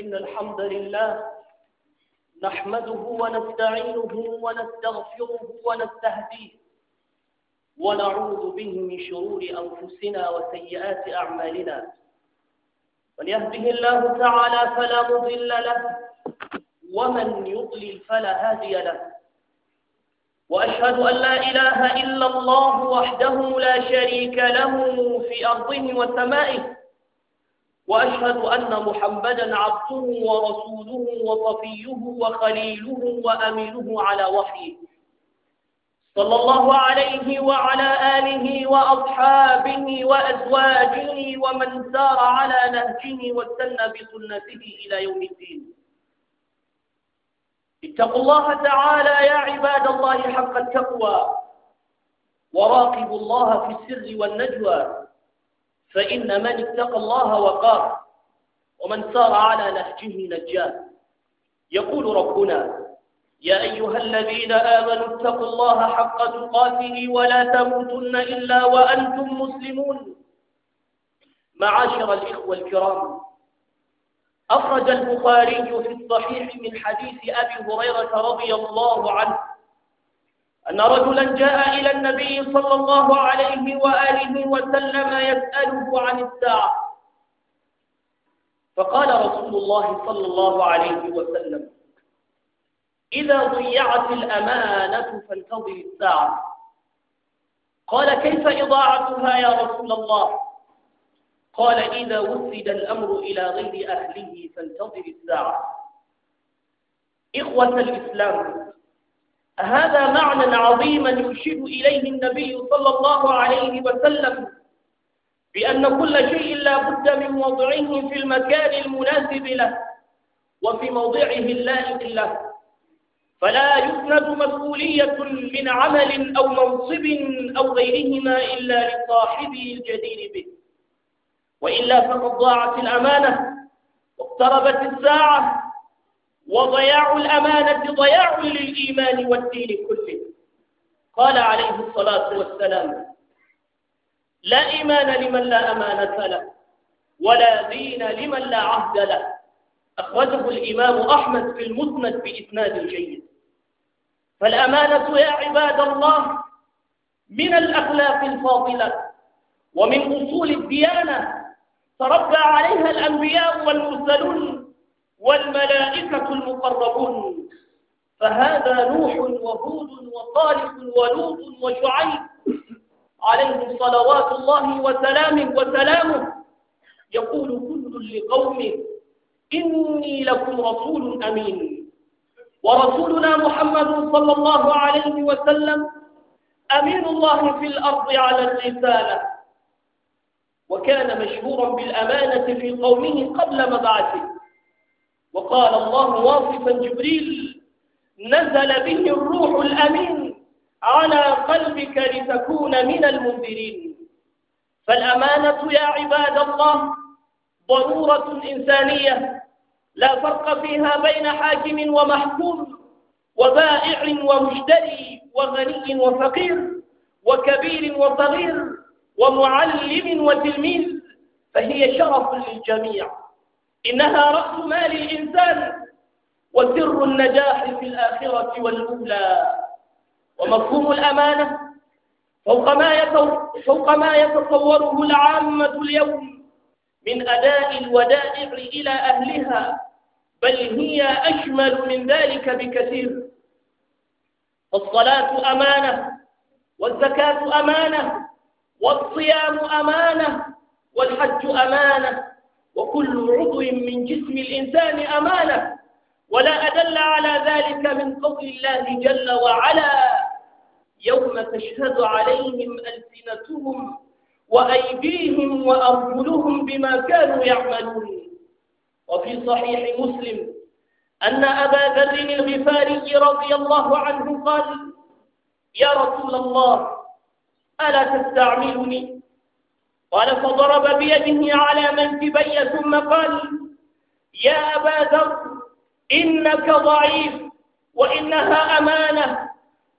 إن الحمد لله نحمده ونستعينه ونستغفره ونستهديه ونعوذ به من شرور أنفسنا وسيئات أعمالنا من يهده الله تعالى فلا مضل له ومن يضلل فلا هادي له وأشهد أن لا إله إلا الله وحده لا شريك له في أرضه وسمائه وأشهد أن محمدا عبده ورسوله وصفيه وخليله وأمله على وحيه صلى الله عليه وعلى آله وأصحابه وأزواجه ومن سار على نهجه واستنى بسنته إلى يوم الدين اتقوا الله تعالى يا عباد الله حق التقوى وراقبوا الله في السر والنجوى فإن من اتقى الله وقاه ومن سار على نهجه نجاه يقول ربنا يا أيها الذين آمنوا اتقوا الله حق تقاته ولا تموتن إلا وأنتم مسلمون معاشر الإخوة الكرام أخرج البخاري في الصحيح من حديث أبي هريرة رضي الله عنه أن رجلا جاء إلى النبي صلى الله عليه وآله وسلم يسأله عن الساعة فقال رسول الله صلى الله عليه وسلم إذا ضيعت الأمانة فانتظر الساعة قال كيف إضاعتها يا رسول الله قال إذا وفد الأمر إلى غير أهله فانتظر الساعة إخوة الإسلام هذا معنى عظيما يشير إليه النبي صلى الله عليه وسلم بأن كل شيء لا بد من وضعه في المكان المناسب له وفي موضعه اللائق له فلا يسند مسؤولية من عمل أو منصب أو غيرهما إلا لصاحبه الجدير به وإلا فقد ضاعت الأمانة واقتربت الساعة وضياع الأمانة ضياع للإيمان والدين كله قال عليه الصلاة والسلام لا إيمان لمن لا أمانة له ولا دين لمن لا عهد له أخرجه الإمام أحمد في المسند بإسناد جيد فالأمانة يا عباد الله من الأخلاق الفاضلة ومن أصول الديانة تربى عليها الأنبياء والمرسلون والملائكة المقربون فهذا نوح وهود وصالح ولوط وشعيب عليهم صلوات الله وسلامه وسلامه يقول كل لقومه إني لكم رسول أمين ورسولنا محمد صلى الله عليه وسلم أمين الله في الأرض على الرسالة وكان مشهورا بالأمانة في قومه قبل مبعثه وقال الله واصفا جبريل نزل به الروح الأمين على قلبك لتكون من المنذرين فالأمانة يا عباد الله ضرورة إنسانية لا فرق فيها بين حاكم ومحكوم وبائع ومشتري وغني وفقير وكبير وصغير ومعلم وتلميذ فهي شرف للجميع إنها رأس مال الإنسان وسر النجاح في الآخرة والأولى ومفهوم الأمانة فوق ما فوق ما يتصوره العامة اليوم من أداء الودائع إلى أهلها بل هي أشمل من ذلك بكثير فالصلاة أمانة والزكاة أمانة والصيام أمانة والحج أمانة وكل عضو من جسم الإنسان أمانة ولا أدل على ذلك من قول الله جل وعلا يوم تشهد عليهم ألسنتهم وأيديهم وأرجلهم بما كانوا يعملون وفي صحيح مسلم أن أبا ذر الغفاري رضي الله عنه قال يا رسول الله ألا تستعملني قال فضرب بيده على منكبي ثم قال يا أبا ذر إنك ضعيف وإنها أمانة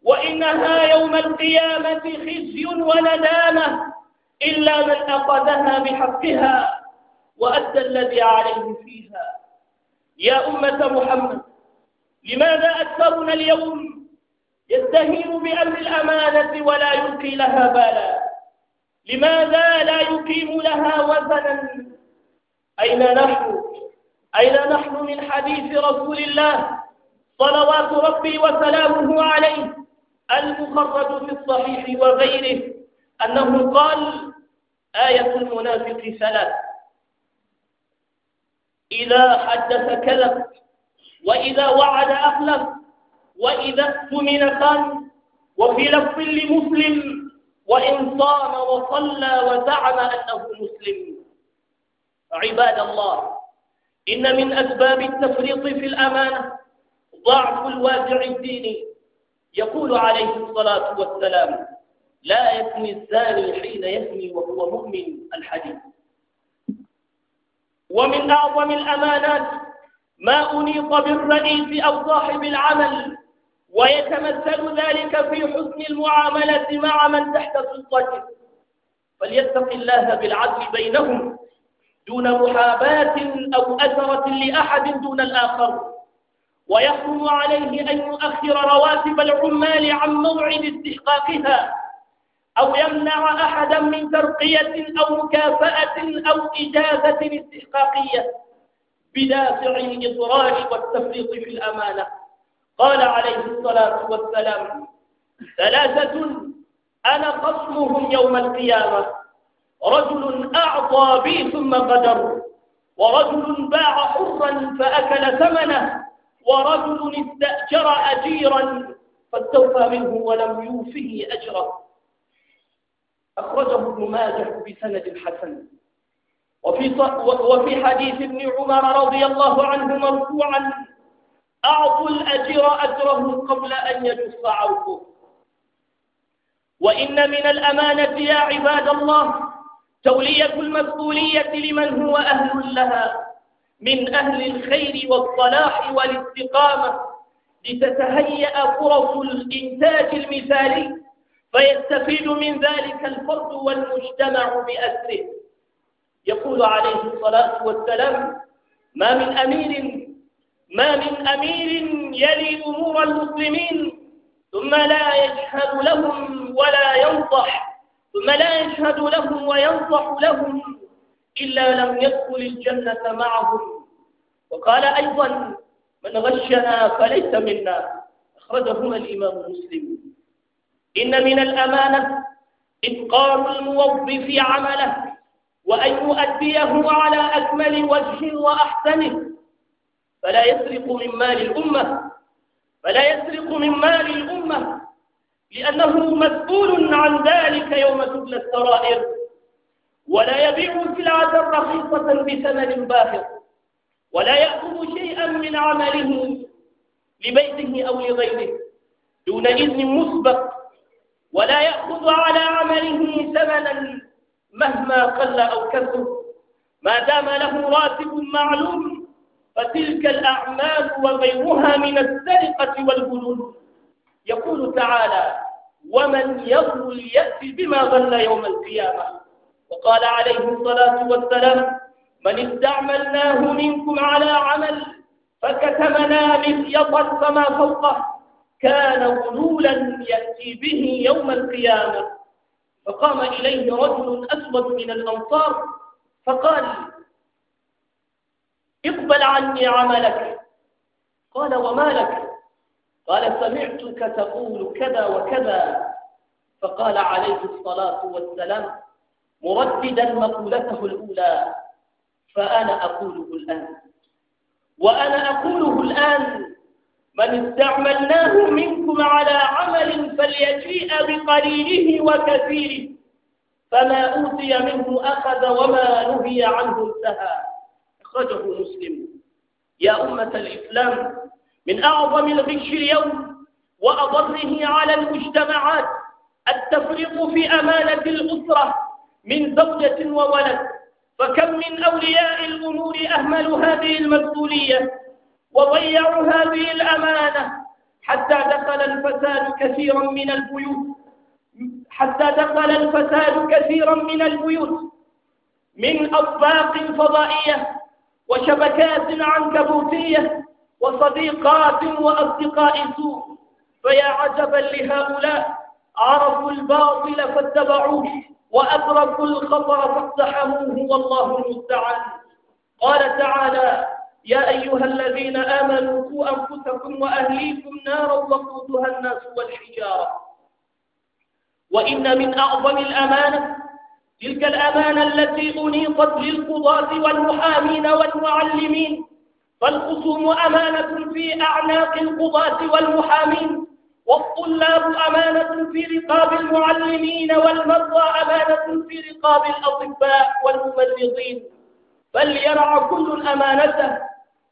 وإنها يوم القيامة خزي وندامة إلا من أخذها بحقها وأدى الذي عليه فيها يا أمة محمد لماذا أكثرنا اليوم يستهين بأمر الأمانة ولا يلقي لها بالا لماذا لا يقيم لها وزنا أين نحن أين نحن من حديث رسول الله صلوات ربي وسلامه عليه المخرج في الصحيح وغيره أنه قال آية المنافق ثلاث إذا حدث كذب وإذا وعد أخلف وإذا اؤتمن خان وفي لفظ لمسلم وإن صام وصلى وزعم أنه مسلم عباد الله إن من أسباب التفريط في الأمانة ضعف الوازع الديني يقول عليه الصلاة والسلام لا يثني الزاني حين يثني وهو مؤمن الحديث ومن أعظم الأمانات ما أنيط بالرئيس أو صاحب العمل ويتمثل ذلك في حسن المعاملة مع من تحت سلطته فليتق الله بالعدل بينهم دون محاباة أو أثرة لأحد دون الآخر ويحرم عليه أن يؤخر رواتب العمال عن موعد استحقاقها أو يمنع أحدا من ترقية أو مكافأة أو إجازة استحقاقية بدافع الإضرار والتفريط في الأمانة قال عليه الصلاة والسلام ثلاثة أنا خصمهم يوم القيامة رجل أعطى بي ثم غدر ورجل باع حرا فأكل ثمنه ورجل استأجر أجيرا فاستوفى منه ولم يوفه أجره أخرجه ابن ماجه بسند حسن وفي, وفي حديث ابن عمر رضي الله عنه مرفوعا أعطوا الأجر أجره قبل أن يجف عوفه وإن من الأمانة يا عباد الله تولية المسؤولية لمن هو أهل لها من أهل الخير والصلاح والاستقامة لتتهيأ فرص الإنتاج المثالي فيستفيد من ذلك الفرد والمجتمع بأسره يقول عليه الصلاة والسلام ما من أمير ما من أمير يلي أمور المسلمين ثم لا يجهد لهم ولا ينصح ثم لا يجهد لهم وينصح لهم إلا لم يدخل الجنة معهم وقال أيضا من غشنا فليس منا أخرجهما الإمام مسلم إن من الأمانة إتقان الموظف عمله وأن يؤديه على أكمل وجه وأحسنه فلا يسرق من مال الأمة فلا يسرق من مال الأمة لأنه مسؤول عن ذلك يوم تبلى السرائر ولا يبيع سلعة رخيصة بثمن باهظ ولا يأخذ شيئا من عمله لبيته أو لغيره دون إذن مسبق ولا يأخذ على عمله ثمنا مهما قل أو كثر ما دام له راتب معلوم فتلك الأعمال وغيرها من السرقة والغلول يقول تعالى ومن يغل يأتي بما غل يوم القيامة وقال عليه الصلاة والسلام من استعملناه منكم على عمل فكتمنا مخيطا فما فوقه كان غلولا يأتي به يوم القيامة فقام إليه رجل أسود من الأنصار فقال اقبل عني عملك قال وما لك قال سمعتك تقول كذا وكذا فقال عليه الصلاة والسلام مرددا مقولته الأولى فأنا أقوله الآن وأنا أقوله الآن من استعملناه منكم على عمل فليجيء بقليله وكثيره فما أوتي منه أخذ وما نهي عنه انتهى أخرجه مسلم يا أمة الإسلام من أعظم الغش اليوم وأضره على المجتمعات التفريق في أمانة الأسرة من زوجة وولد فكم من أولياء الأمور أهملوا هذه المسؤولية وضيعوا هذه الأمانة حتى دخل الفساد كثيرا من البيوت حتى دخل الفساد كثيرا من البيوت من أطباق فضائية وشبكات عنكبوتية وصديقات وأصدقاء سوء فيا عجبا لهؤلاء عرفوا الباطل فاتبعوه وأدركوا الخطر فاقتحموه والله المستعان قال تعالى يا أيها الذين آمنوا قوا أنفسكم وأهليكم نارا وقودها الناس والحجارة وإن من أعظم الأمانة تلك الأمانة التي أنيطت للقضاة والمحامين والمعلمين فالخصوم أمانة في أعناق القضاة والمحامين والطلاب أمانة في رقاب المعلمين والمرضى أمانة في رقاب الأطباء والممرضين فليرعى كل الأمانة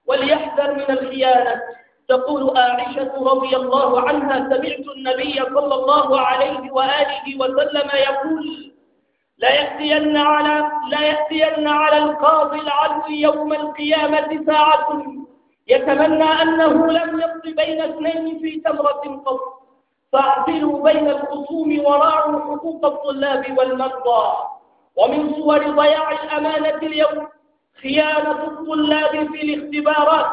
وليحذر من الخيانة تقول عائشة رضي الله عنها سمعت النبي صلى الله عليه وآله وسلم يقول لا يأتين على لا يأتين على القاضي العدل يوم القيامة ساعة يتمنى أنه لم يقض بين اثنين في تمرة قط فاعدلوا بين الخصوم وراعوا حقوق الطلاب والمرضى ومن صور ضياع الأمانة اليوم خيانة الطلاب في الاختبارات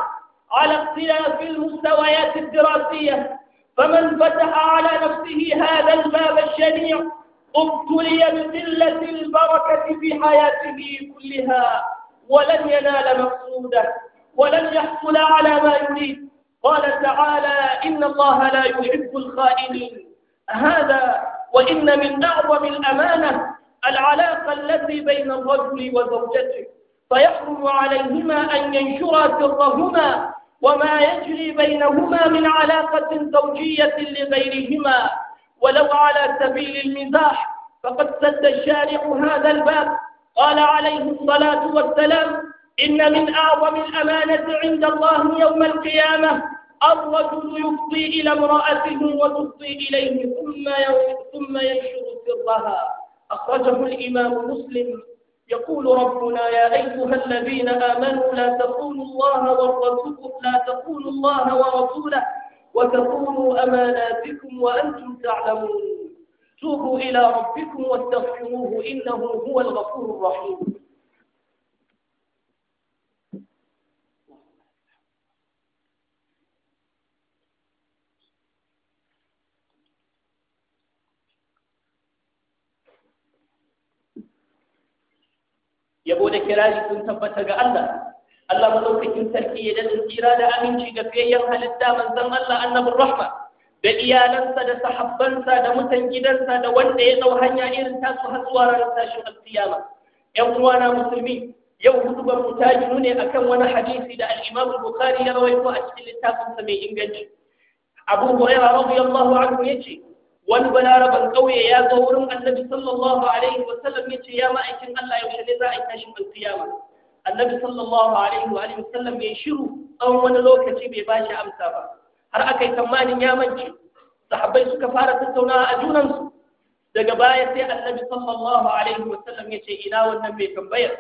على اختلاف المستويات الدراسية فمن فتح على نفسه هذا الباب الشنيع ابتلي بقلة البركة في حياته كلها ولن ينال مقصوده ولن يحصل على ما يريد قال تعالى إن الله لا يحب الخائنين هذا وإن من أعظم الأمانة العلاقة التي بين الرجل وزوجته فيحرم عليهما أن ينشرا سرهما وما يجري بينهما من علاقة زوجية لغيرهما ولو على سبيل المزاح فقد سد الشارع هذا الباب قال عليه الصلاة والسلام إن من أعظم الأمانة عند الله يوم القيامة الرجل يفضي إلى امرأته وتفضي إليه ثم ثم ينشر سرها أخرجه الإمام مسلم يقول ربنا يا أيها الذين آمنوا لا تخونوا الله ورسوله لا تخونوا الله ورسوله وتكونوا أماناتكم وأنتم تعلمون توبوا إلى ربكم واستغفروه إنه هو الغفور الرحيم يا da kirari sun tabbata Allah madaukakin sarki ya dada tsira da aminci ga fiyayyen halitta manzon Allah annabin rahma da iyalansa da sahabbansa da mutan gidansa da wanda ya dau hanya irin tasu har zuwa ranar Yan alkiyama ƴan uwana musulmi yau hutubar mu ta ji ne akan wani hadisi da al-Imam Bukhari ya rawaito a cikin littafinsa mai inganci Abu Hurairah radiyallahu anhu yace wani balaraban ƙauye ya zo wurin annabi sallallahu alaihi wa yace ya ma'aikin Allah yaushe ne za a yi tashin alkiyama annabi sallallahu alaihi wa alihi sallam ya shiru tsawon wani lokaci bai bashi amsa ba har aka yi tsammanin ya mance sahabbai suka fara tattaunawa a junansu daga baya sai annabi sallallahu alaihi wasallam ya ce ina wannan mai tambaya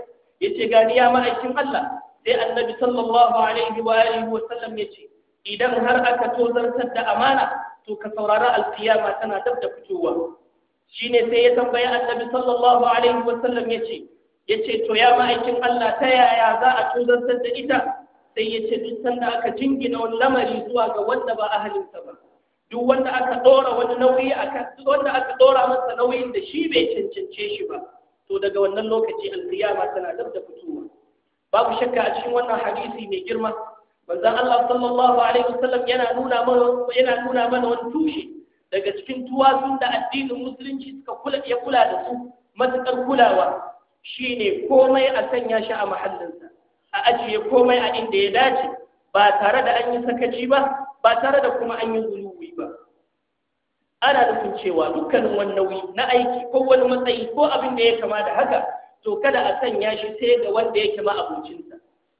ya ce gani ya ma'aikin Allah sai annabi sallallahu alaihi wa alihi wasallam ya ce idan har aka tozartar da amana to ka saurara alkiyama tana dab da fitowa shine sai ya tambaya annabi sallallahu alaihi wasallam ya ce ya ce to ya ma'aikin Allah ta yaya za a tuzantar da ita sai ya ce duk sanda aka jingina wani lamari zuwa ga wanda ba ahalinsa ba duk wanda aka ɗora wani nauyi aka wanda aka ɗora masa nauyin da shi bai cancance shi ba to daga wannan lokaci alkiyama tana dab da fitowa babu shakka a cikin wannan hadisi mai girma manzon Allah sallallahu alaihi wasallam yana nuna mana yana nuna mana wani tushe daga cikin tuwasun da addinin musulunci suka kula ya kula da su matakar kulawa Shi ne komai a sanya shi a mahallinsa a ajiye komai a inda ya dace ba tare da an yi sakaci ba ba tare da kuma an yi zuluwi ba ana nufin cewa dukkanin wani nauyi na aiki ko wani matsayi ko abin da ya kama da haka to kada a sanya shi sai ga wanda ya kama abincinsa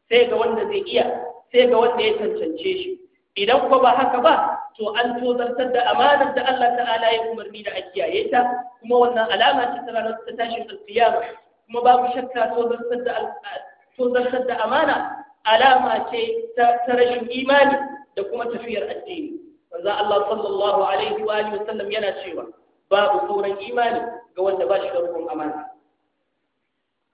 sai ga wanda zai iya sai ga wanda ya cancance shi idan ko ba haka ba to an tozartar da amanar da Allah ta'ala ya umarni da a kiyaye ta kuma wannan alama ce ta ranar ta tashin alkiyama kuma babu shakka tozartar da amana alama ce ta rashin imani da kuma tafiyar addini manzo Allah sallallahu alaihi wa sallam yana cewa babu sauran imani ga wanda ba shi da amana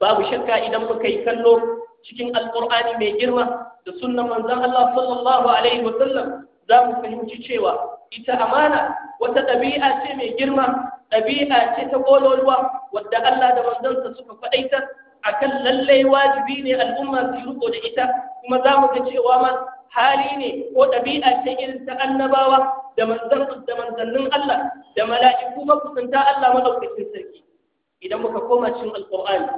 babu shakka idan muka yi kallo cikin alqur'ani mai girma da sunan manzon Allah sallallahu alaihi wa sallam za mu fahimci cewa ita amana wata ɗabi'a ce mai girma ɗabi'a ce ta ƙololuwa wadda Allah da manzansa suka faɗaita akan lallai wajibi ne al'umma su riko da ita kuma za mu ga cewa ma hali ne ko ɗabi'a ce irin ta annabawa da manzannin Allah da mala'iku makusanta Allah madaukakin sarki idan muka koma cikin alqur'ani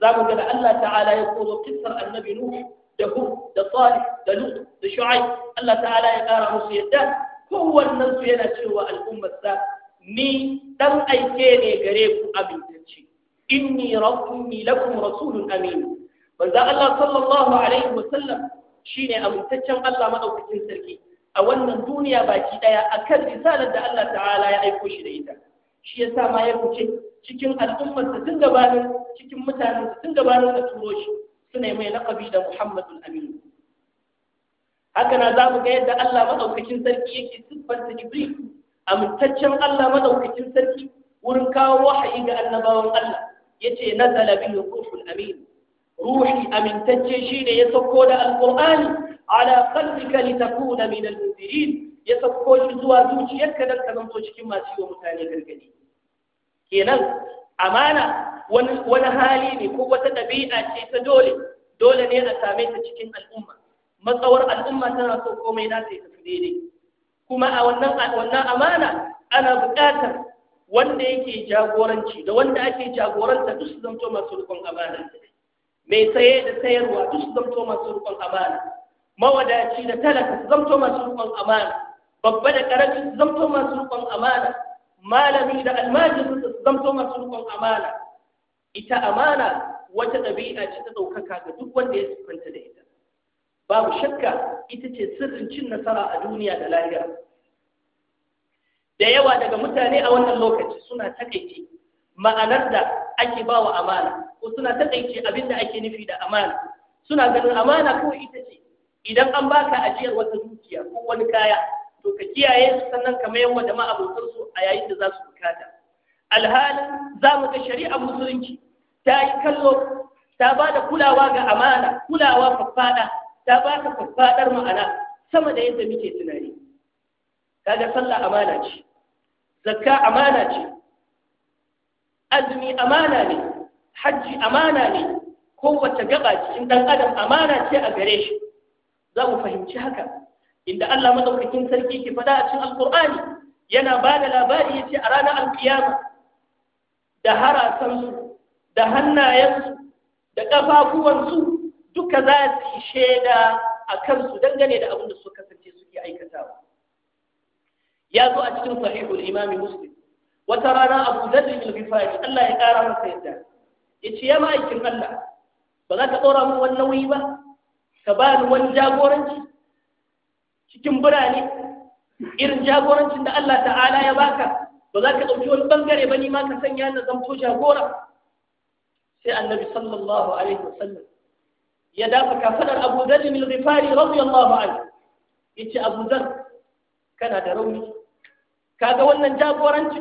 za mu ga da Allah ta'ala ya koro kissar annabi nuhu da hu da salih da lut da shu'aib Allah ta'ala ya kara musu yadda kowannen su yana cewa al'ummar sa ni dan aike ne gare ku amintacce inni rabbi lakum rasulun amin manzo Allah sallallahu alaihi wasallam shine amintaccen Allah madaukakin sarki a wannan duniya baki daya akan risalar da Allah ta'ala ya aiko shi da ita shi yasa ma ya fice cikin al'ummar da tun gabanin cikin mutanen da tun gabanin da turo shi suna mai laqabi da Muhammadul Amin haka na za ga yadda Allah madaukakin sarki yake siffanta Ibrahim amintaccen Allah madaukakin sarki wurin kawo wahayi ga annabawan Allah yace nazala bihi ruhul amin ruhi amintacce shine ya sauko da alqur'ani ala qalbika litakuna min almunzirin ya sauko shi zuwa zuciyarka dan ka zanto cikin masu yi mutane gargadi kenan amana wani wani hali ne ko wata dabi'a ce ta dole dole ne a same ta cikin al'umma matsawar al'umma tana so komai na ta yi tafi daidai kuma a wannan amana ana buƙatar wanda yake jagoranci da wanda ake jagoranta duk su zanto masu rukun amana mai saye da sayarwa duk su zanto masu rukun amana mawadaci da talaka su zanto masu rukun amana babba da karami su zanto masu rukun amana malami da almajiri su zanto masu rukun amana ita amana wata ɗabi'a ce ta ɗaukaka ga duk wanda ya siffanta da ita babu shakka ita ce sirrin cin nasara a duniya da lahira da yawa daga mutane a wannan lokaci suna takaice ma'anar da ake ba wa amana ko suna takaice abin da ake nufi da amana suna ganin amana kawai ita ce idan an baka ajiyar wata dukiya ko wani kaya to ka kiyaye su sannan ka mayar wa da su a yayin da za su bukata alhalin za mu ga shari'ar musulunci ta yi kallo ta ba da kulawa ga amana kulawa faffada ta ba ka faɗar ma'ana sama da yadda muke tunani kaga sallah amana ce zakka amana ce azumi amana ne hajji amana ne kowace gaba cikin ɗan adam amana ce a gare shi za mu fahimci haka inda Allah madaukakin sarki ke faɗa a cikin alkur'ani yana ba da labari ya a ranar alkiyama da harasansu da hannayensu da ƙafafuwansu duka za su yi shaida a kansu dangane da abin da suka kasance suke aikatawa ya zo a cikin sahihul imami muslim wata rana abu zarri bin gifari allah ya kara masa yadda ya ce ya ma'aikin allah ba za ka ɗora min wani nauyi ba ka ba ni wani jagoranci cikin birane irin jagorancin da allah ta'ala ya baka ba za ka ɗauki wani bangare ba ni ma ka sanya na zamto jagora sai annabi sallallahu alaihi wasallam ya dafa kafadar Abu Dharr bin Ghifari radiyallahu anhu ce Abu Dharr kana da rauni kaga wannan jagoranci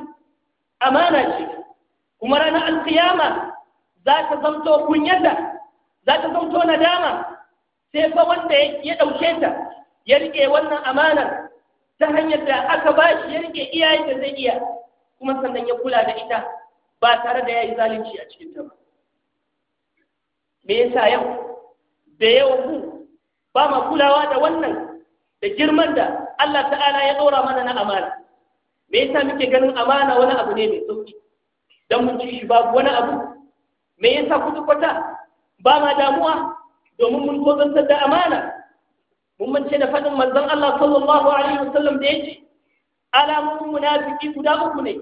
amana ce kuma rana alkiyama za ta zamto kunyata za ta zamto nadama sai fa wanda ya dauke ta ya rike wannan amanar ta hanyar da aka bashi. shi ya rike iyayen da zai iya kuma sannan ya kula da ita ba tare da ya yi zalunci a cikin ta ba me yasa yau da yawan mu ba ma kulawa da wannan da girman da Allah ta'ala ya ɗora mana na amana me yasa muke ganin amana wani abu ne mai sauki dan mun ci shi babu wani abu me yasa kudu kwata ba ma damuwa domin mun tozantar da amana mun mance da faɗin manzon Allah sallallahu alaihi wasallam da yake alamun munafiki guda uku ne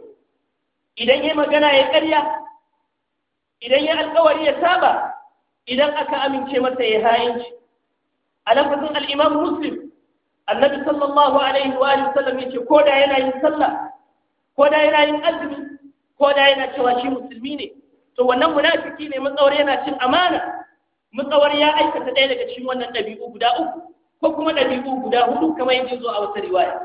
idan yayi magana ya ƙarya idan ya alƙawari ya saba idan aka amince masa ya ha'inci a lafazin al'imam muslim annabi sallallahu alaihi wa sallam ya ce ko da yana yin sallah ko da yana yin azumi ko da yana cewa shi musulmi ne to wannan munafiki ne matsawar yana cin amana matsawar ya aikata ɗaya daga cikin wannan ɗabi'u guda uku ko kuma ɗabi'u guda hudu kamar yadda zo a wata riwaya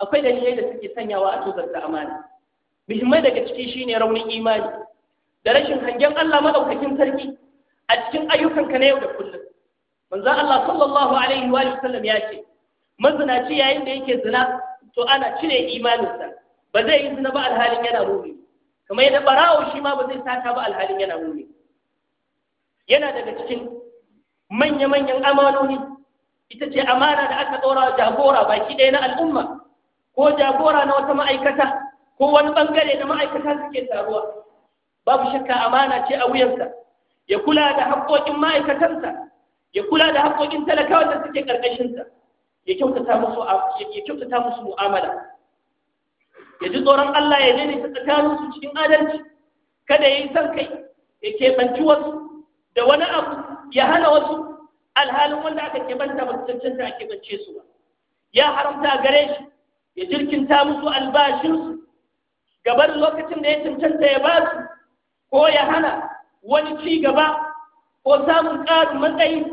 akwai dalilai da suke sanyawa a tozarta amana muhimmai daga ciki shine raunin imani da rashin hangen Allah maɗaukakin sarki a cikin ayyukanka na yau da kullum manzon Allah sallallahu alaihi wa sallam ya ce mazinaci yayin da yake zina to ana cire imaninsa ba zai yi zina ba alhalin yana mumi kamar yadda barawo shi ma ba zai sata ba alhalin yana mumi yana daga cikin manya-manyan amanoni ita ce amana da aka ɗora jagora baki ɗaya na al'umma ko jagora na wata ma'aikata ko wani ɓangare na ma'aikata suke taruwa babu shakka amana ce a wuyansa ya kula da haƙoƙin ma'aikatansa ya kula da haƙoƙin talakawa da suke ƙarƙashinsa ya kyautata musu ya kyautata musu mu'amala ya ji tsoron Allah ya ta tsakanin su cikin adalci kada ya yi son kai ya kebanci wasu da wani abu ya hana wasu alhalin wanda aka keɓanta ba su cancanta a keɓance su ba ya haramta a gare shi ya jirkinta musu albashinsu gaban lokacin da ya cancanta ya ba su ko ya hana wani ci gaba ko samun ƙarin matsayi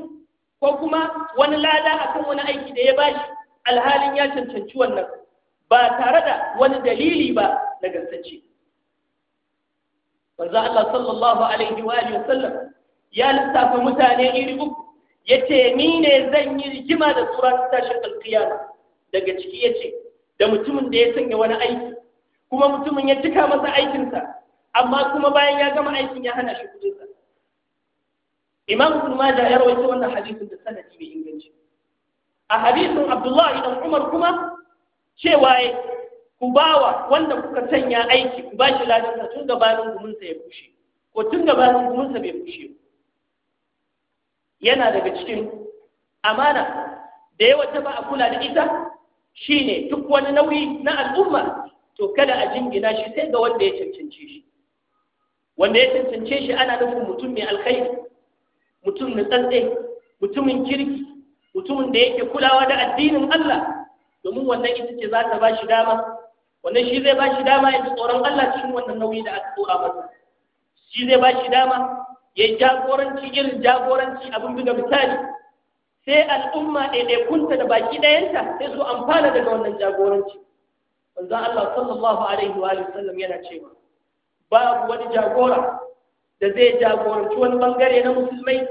ko kuma wani lada akan wani aiki da ya bashi alhalin ya cancanci wannan ba tare da wani dalili ba na gaskace Wanzu Allah sallallahu alaihi wa alihi ya lissafa mutane iri uku ya ce ni ne zan yi rigima da tsoron tashin alkiyama daga ciki ya ce, da mutumin da ya sanya wani aiki kuma mutumin ya cika masa aikinsa amma kuma bayan ya gama aikin ya hana shi kudin sa imam ibn majah ya rawaito wannan hadisin da sanadi mai inganci a hadisin abdullahi dan umar kuma cewa ku bawa wanda kuka sanya aiki ku bashi ladan sa tun gabanin gumunsa ya bushe ko tun gabanin gumunsa bai bushe yana daga cikin amana da yawa ta ba a kula da ita shine duk wani nauyi na al'umma to kada a jingina shi sai ga wanda ya cancanci shi wanda ya cancance shi ana nufin mutum mai alkhairi mutum na tsantsai mutumin kirki mutumin da yake kulawa da addinin Allah domin wannan ita ce za ta ba shi dama wannan shi zai ba shi dama ya ji tsoron Allah cikin wannan nauyi da aka tsora masa shi zai ba shi dama ya yi jagoranci irin jagoranci abin buga misali sai al'umma ɗaiɗaikunta da baki ɗayanta sai su amfana daga wannan jagoranci Wanzan Allah sallallahu alaihi wa sallam yana cewa babu wani jagora da zai jagoranci wani bangare na musulmai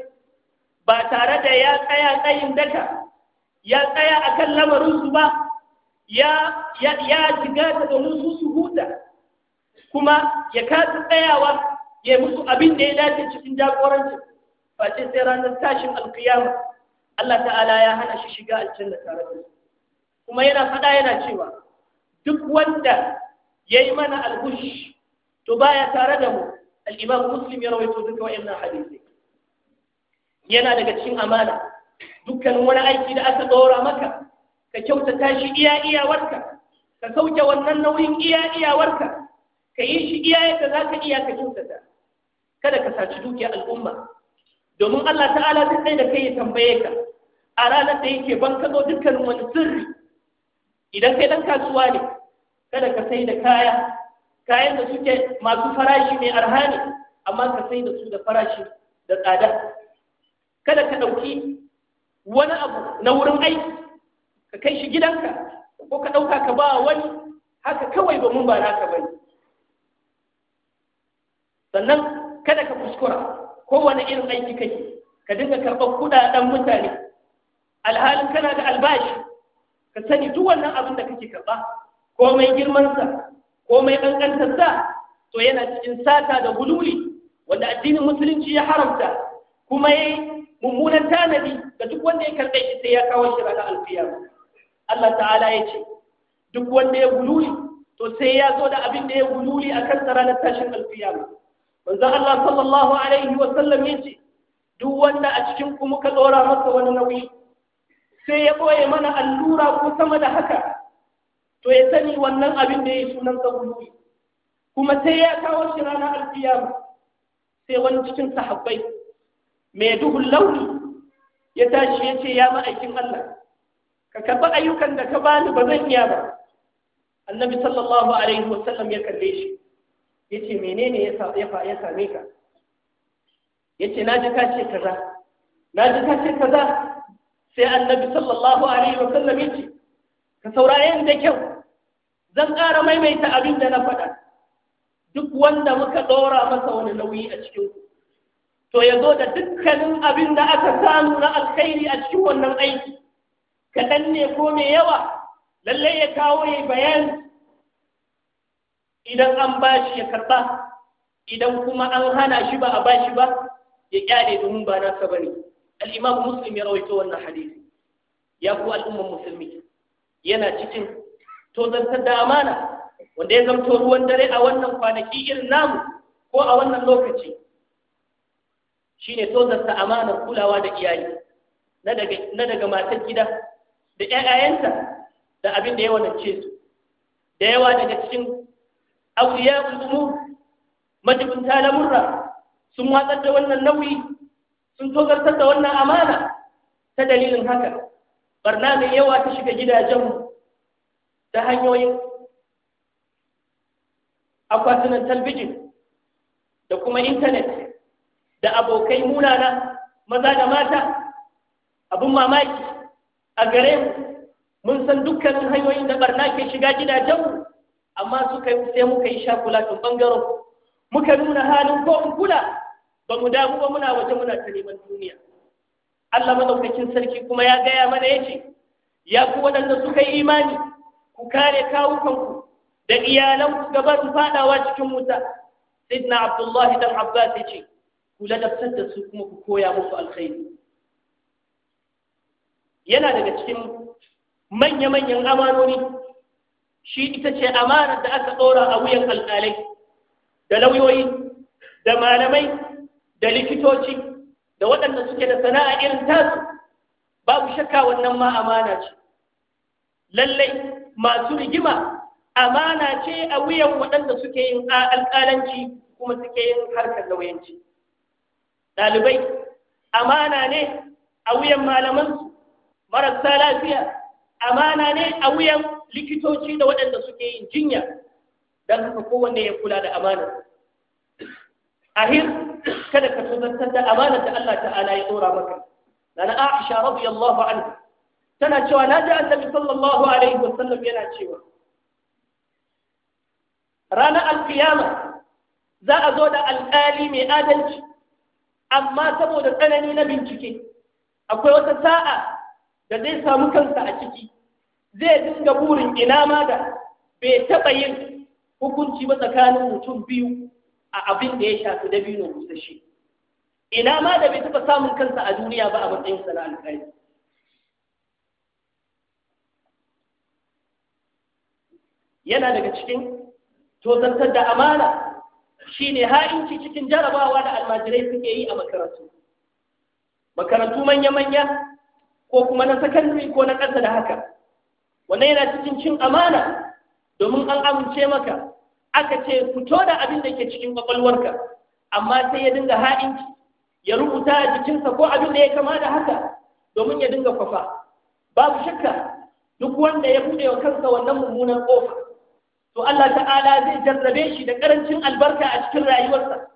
ba tare da ya tsaya tsayin daka ya tsaya a kan lamarinsu ba ya shiga ta domin su su huta kuma ya kasa tsayawa ya musu abin da ya dace cikin jagoranci face sai ranar tashin alkiyama Allah ta'ala ya hana shi shiga aljanna tare da kuma yana faɗa yana cewa duk wanda ya yi mana alhushi to baya tare da mu al-imam muslim ya rawaito duka wa'annan hadisi yana daga cikin amana dukkanin wani aiki da aka dora maka ka kyautata shi iya iyawarka ka sauke wannan nauyin iya iyawarka ka yi shi iya yadda za ka iya ka kyautata kada ka saci dukiyar al'umma domin Allah ta'ala zai tsaye da kai ya tambaye ka a ranar da yake ban kazo dukkanin wani sirri idan kai ɗan kasuwa ne kada ka sai da kaya kayan da suke masu farashi mai arha ne amma ka sai da su da farashi da tsada kada ka ɗauki wani abu na wurin aiki ka kai shi gidanka ko ka ɗauka ka ba wani haka kawai domin ba naka ba sannan kada ka kuskura kowane irin aiki kake ka dinga karɓar kuɗaɗen mutane alhalin kana da albashi ka sani duk wannan abin da kake karɓa komai girmansa komai kankantarsa to yana cikin sata da gululi wanda addinin musulunci ya haramta kuma ya yi mummunan tanadi ga duk wanda ya karɓe shi sai ya kawo shi ranar alkiyama Allah ta'ala ya ce duk wanda ya gululi to sai ya zo da abin da ya gululi a kansa ranar tashin alkiyama manzo Allah sallallahu alaihi wa sallam ya ce duk wanda a cikin ku muka dora masa wani nauyi sai ya boye mana allura ko sama da haka to ya sani wannan abin da ya yi sunan sa kuma sai ya kawo shi ranar alkiyama sai wani cikin sahabbai mai duhun launi ya tashi ya ce ya ma'aikin Allah ka karɓi ayyukan da ka bani ba zan iya ba annabi sallallahu alaihi wasallam ya kalle shi ya ce menene ya same ka ya ce na ji kace kaza na ji kace kaza sai annabi sallallahu alaihi wasallam ya ce ka saurare da kyau zan ƙara maimaita abin da na faɗa duk wanda muka ɗora masa wani nauyi a cikin to ya zo da dukkanin abin da aka samu na alkhairi a cikin wannan aiki kaɗan ne ko mai yawa lallai ya kawo ya bayani idan an bashi ya karɓa idan kuma an hana shi ba a bashi ba ya ƙyale domin ba nasa ba ne al'imam muslim ya rawaito wannan hadisi ya ku al'umman musulmi yana cikin tozartar da amana wanda ya zamto ruwan dare a wannan kwanaki irin namu ko a wannan lokaci shine tozarta amana kulawa da iyali na daga matar gida da ƴaƴayenta da abin da ya wadance su da yawa daga cikin auliya ulumur majibinta lamurra sun watsar da wannan nauyi sun tozartar da wannan amana ta dalilin haka barna mai yawa ta shiga gidajenmu ta hanyoyin akwatunan talbijin da kuma intanet da abokai munana maza da mata abin mamaki a gare mu mun san dukkanin hanyoyin da barna ke shiga gidajenmu amma suka sai muka yi shakulatun ɓangaren muka nuna halin ko kula ba mu damu ba muna waje muna ta neman duniya Allah madaukakin sarki kuma ya gaya mana yace ya ku waɗanda suka yi imani ku kare kawukanku da iyalanku gaba su fadawa cikin wuta sidna abdullahi dan abbas ya ce ku ladabtar da su kuma ku koya musu alkhairi yana daga cikin manya-manyan amanoni shi ita ce amanar da aka tsora a wuyan alƙalai da lauyoyi da malamai da likitoci da waɗanda suke da sana'a irin tasu babu shakka wannan ma amana ce lallai masu rigima amana ce a wuyan waɗanda suke yin alƙalanci kuma suke yin harkar lauyanci ɗalibai amana ne a wuyan malamansu marasa lafiya amana ne a wuyan likitoci da waɗanda suke yin jinya don haka kowanne ya kula da amanar ahir kada ka tozartar da amanar da Allah ta'ala ya tsora maka lana Aisha Yallahu Anhu. tana cewa na ji annabi sallallahu alaihi wasallam yana cewa ranar alkiyama za a zo da alkali mai adalci amma saboda tsanani na bincike akwai wata sa'a da zai samu kansa a ciki zai dinga burin ina ma da bai taɓa yin hukunci ba tsakanin mutum biyu a abin da ya shafi dabino shi? ina ma da bai taɓa samun kansa a duniya ba a matsayin na alƙali yana daga cikin tozantar da amana shine ha'inci cikin jarabawa da almajirai suke yi a makarantu makarantu manya-manya ko kuma na sakandare ko na ƙasa da haka wanda yana cikin cin amana domin an amince maka aka ce fito da abin da ke cikin ƙwaƙwalwarka amma sai ya dinga ha'inci ya rubuta a jikinsa ko abin da ya kama da haka domin ya dinga kwafa babu shakka duk wanda ya buɗe wa kansa wannan mummunan ƙofa to Allah ta'ala zai jarrabe shi da karancin albarka a cikin rayuwarsa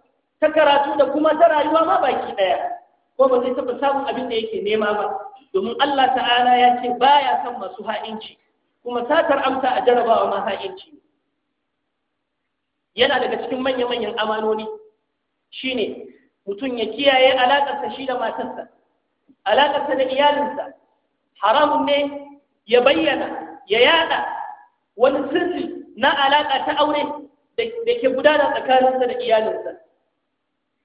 ta karatu da kuma ta rayuwa ma baki daya ko ba zai taba samun abin da yake nema ba domin Allah ta'ala ya ce baya san masu ha'inci kuma satar amsa a jarabawa ma ha'inci yana daga cikin manya-manyan amanoni shine mutum ya kiyaye alakarsa shi da matarsa alakarsa da iyalinsa haramun ne ya bayyana ya yada wani sirri na alaƙa ta aure da ke gudana tsakaninsa da iyalinsa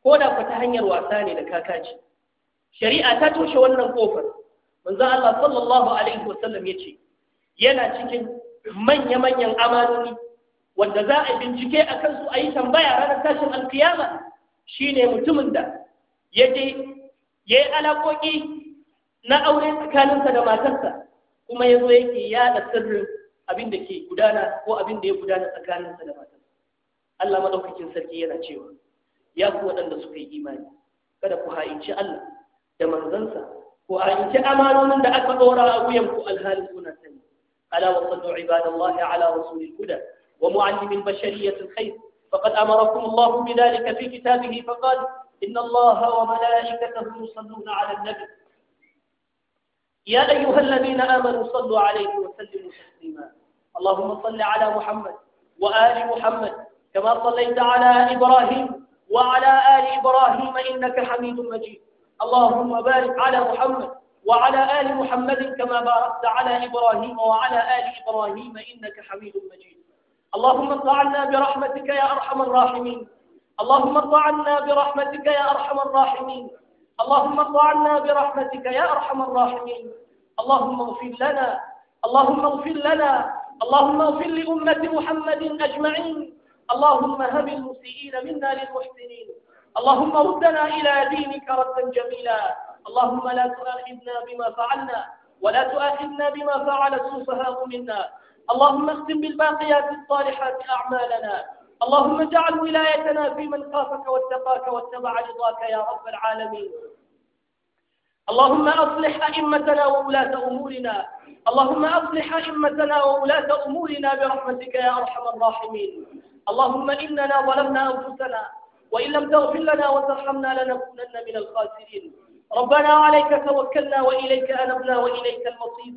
ko da ku ta hanyar wasa ne da kakaci shari'a ta toshe wannan kofar manzo Allah sallallahu alaihi wasallam yace yana cikin manya-manyan amanoni wanda za a bincike a kansu a yi tambaya ranar tashin alkiyama ne mutumin da ya je ya yi alaƙoƙi na aure tsakaninsa da matarsa kuma ya zo yake yaɗa sirrin abin da ke gudana ko abin da ya gudana tsakaninsa da matar Allah madaukakin sarki yana cewa ya ku waɗanda suka yi imani kada ku ha'inci Allah da manzansa ku ha'inci amanonin da aka ɗora a wuyanku alhalin kuna sani ala wa sallu ibadallahi ala rasulil huda wa muallimin bashariyatil khair faqad amarakum Allah bi dhalika fi kitabihi faqad inna Allah wa malaikatahu yusalluna ala an-nabi يا أيها الذين آمنوا صلوا عليه وسلموا تسليما اللهم صل على محمد وآل محمد كما صليت على إبراهيم وعلى آل إبراهيم إنك حميد مجيد اللهم بارك على محمد وعلى آل محمد كما باركت على إبراهيم وعلى آل إبراهيم إنك حميد مجيد اللهم ارض عنا برحمتك يا أرحم الراحمين اللهم ارض عنا برحمتك يا أرحم الراحمين اللهم ارض عنا برحمتك يا أرحم الراحمين اللهم اغفر لنا اللهم اغفر لنا اللهم اغفر لأمة محمد أجمعين اللهم هب المسيئين منا للمحسنين اللهم ردنا إلى دينك ردا جميلا اللهم لا تؤاخذنا بما فعلنا ولا تؤاخذنا بما فعل السفهاء منا اللهم اختم بالباقيات الصالحات أعمالنا اللهم اجعل ولايتنا في من خافك واتقاك واتبع رضاك يا رب العالمين اللهم أصلح أئمتنا وولاة أمورنا اللهم أصلح أئمتنا وولاة أمورنا برحمتك يا أرحم الراحمين اللهم إننا ظلمنا أنفسنا وإن لم تغفر لنا وترحمنا لنكونن من الخاسرين ربنا عليك توكلنا وإليك أنبنا وإليك المصير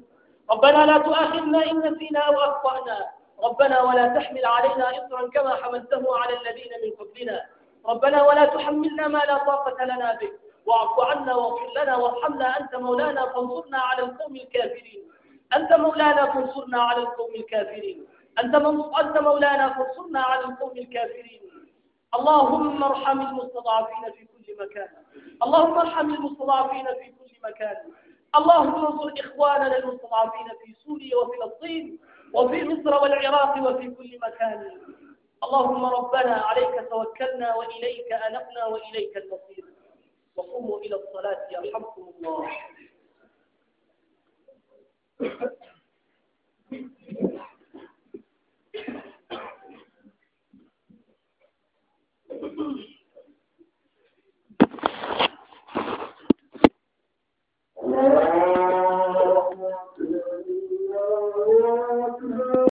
ربنا لا تؤاخذنا إن نسينا أو أخطأنا ربنا ولا تحمل علينا إصرا كما حملته على الذين من قبلنا ربنا ولا تحملنا ما لا طاقة لنا به واعف عنا واغفر لنا وارحمنا أنت مولانا فانصرنا على القوم الكافرين أنت مولانا فانصرنا على القوم الكافرين أنت, أنت مولانا فانصرنا على القوم الكافرين اللهم ارحم المستضعفين في كل مكان اللهم ارحم المستضعفين في كل مكان اللهم انصر إخواننا المستضعفين في سوريا وفلسطين وفي مصر والعراق وفي كل مكان اللهم ربنا عليك توكلنا وإليك أنبنا وإليك المصير وقوموا إلى الصلاة يرحمكم الله Thank you.